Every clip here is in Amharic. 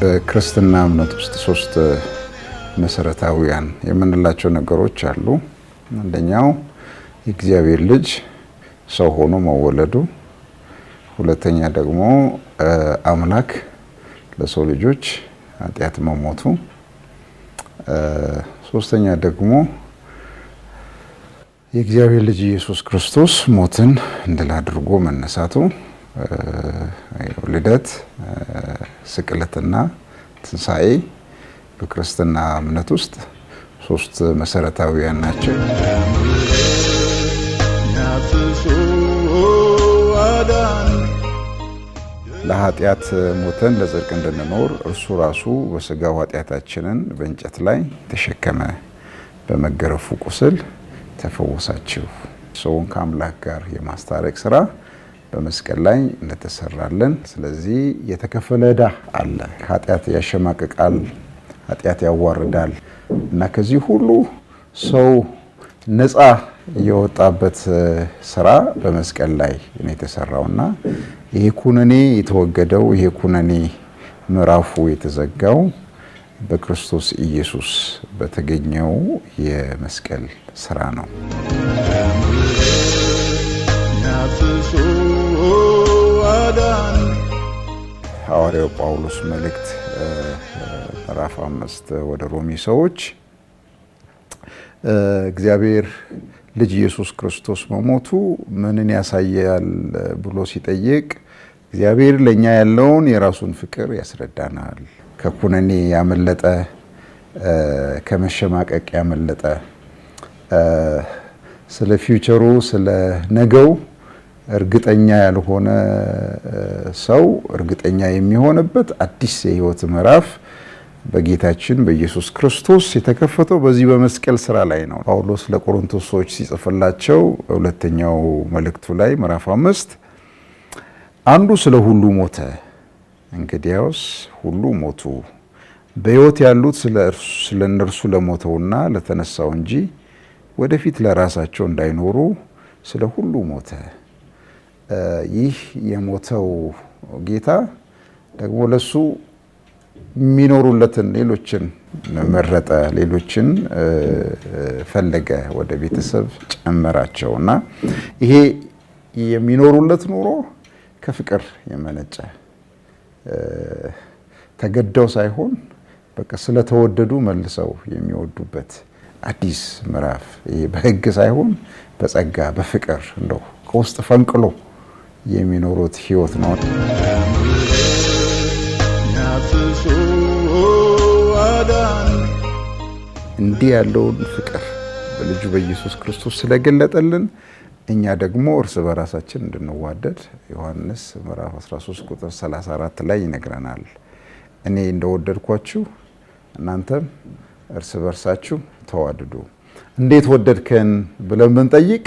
በክርስትና እምነት ውስጥ ሶስት መሰረታዊያን የምንላቸው ነገሮች አሉ። አንደኛው የእግዚአብሔር ልጅ ሰው ሆኖ መወለዱ፣ ሁለተኛ ደግሞ አምላክ ለሰው ልጆች ኃጢአት መሞቱ፣ ሶስተኛ ደግሞ የእግዚአብሔር ልጅ ኢየሱስ ክርስቶስ ሞትን ድል አድርጎ መነሳቱ ልደት ስቅለትና ትንሣኤ በክርስትና እምነት ውስጥ ሶስት መሰረታዊያን ናቸው። ለኃጢአት ሞተን ለጽድቅ እንድንኖር እርሱ ራሱ በስጋው ኃጢአታችንን በእንጨት ላይ ተሸከመ፣ በመገረፉ ቁስል ተፈወሳችሁ። ሰውን ከአምላክ ጋር የማስታረቅ ስራ በመስቀል ላይ እንደተሰራለን። ስለዚህ የተከፈለ ዕዳ አለ። ኃጢአት ያሸማቅቃል፣ ኃጢአት ያዋርዳል እና ከዚህ ሁሉ ሰው ነፃ የወጣበት ስራ በመስቀል ላይ ነው የተሰራውና ይሄ ኩነኔ የተወገደው ይሄ ኩነኔ ምዕራፉ የተዘጋው በክርስቶስ ኢየሱስ በተገኘው የመስቀል ስራ ነው። የሐዋርያው ጳውሎስ መልእክት ምዕራፍ አምስት ወደ ሮሚ ሰዎች እግዚአብሔር ልጅ ኢየሱስ ክርስቶስ መሞቱ ምንን ያሳያል ብሎ ሲጠይቅ እግዚአብሔር ለእኛ ያለውን የራሱን ፍቅር ያስረዳናል። ከኩነኔ ያመለጠ ከመሸማቀቅ ያመለጠ ስለ ፊውቸሩ ስለ ነገው እርግጠኛ ያልሆነ ሰው እርግጠኛ የሚሆንበት አዲስ የህይወት ምዕራፍ በጌታችን በኢየሱስ ክርስቶስ የተከፈተው በዚህ በመስቀል ስራ ላይ ነው። ጳውሎስ ለቆሮንቶስ ሰዎች ሲጽፍላቸው ሁለተኛው መልእክቱ ላይ ምዕራፍ አምስት አንዱ ስለ ሁሉ ሞተ፣ እንግዲያውስ ሁሉ ሞቱ። በሕይወት ያሉት ስለ እነርሱ ለሞተውና ለተነሳው እንጂ ወደፊት ለራሳቸው እንዳይኖሩ ስለ ሁሉ ሞተ። ይህ የሞተው ጌታ ደግሞ ለሱ የሚኖሩለትን ሌሎችን መረጠ፣ ሌሎችን ፈለገ፣ ወደ ቤተሰብ ጨመራቸው እና ይሄ የሚኖሩለት ኑሮ ከፍቅር የመነጨ ተገደው ሳይሆን በቃ ስለተወደዱ መልሰው የሚወዱበት አዲስ ምዕራፍ ይሄ በሕግ ሳይሆን በጸጋ በፍቅር እንደው ከውስጥ ፈንቅሎ የሚኖሩት ህይወት ነው። እንዲህ ያለውን ፍቅር በልጁ በኢየሱስ ክርስቶስ ስለገለጠልን እኛ ደግሞ እርስ በራሳችን እንድንዋደድ ዮሐንስ ምዕራፍ 13 ቁጥር 34 ላይ ይነግረናል። እኔ እንደወደድኳችሁ እናንተም እርስ በርሳችሁ ተዋድዱ። እንዴት ወደድከን ብለን ብንጠይቅ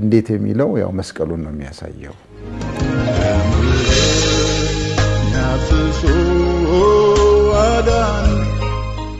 እንዴት የሚለው ያው መስቀሉን ነው የሚያሳየው። ፍጹ አዳን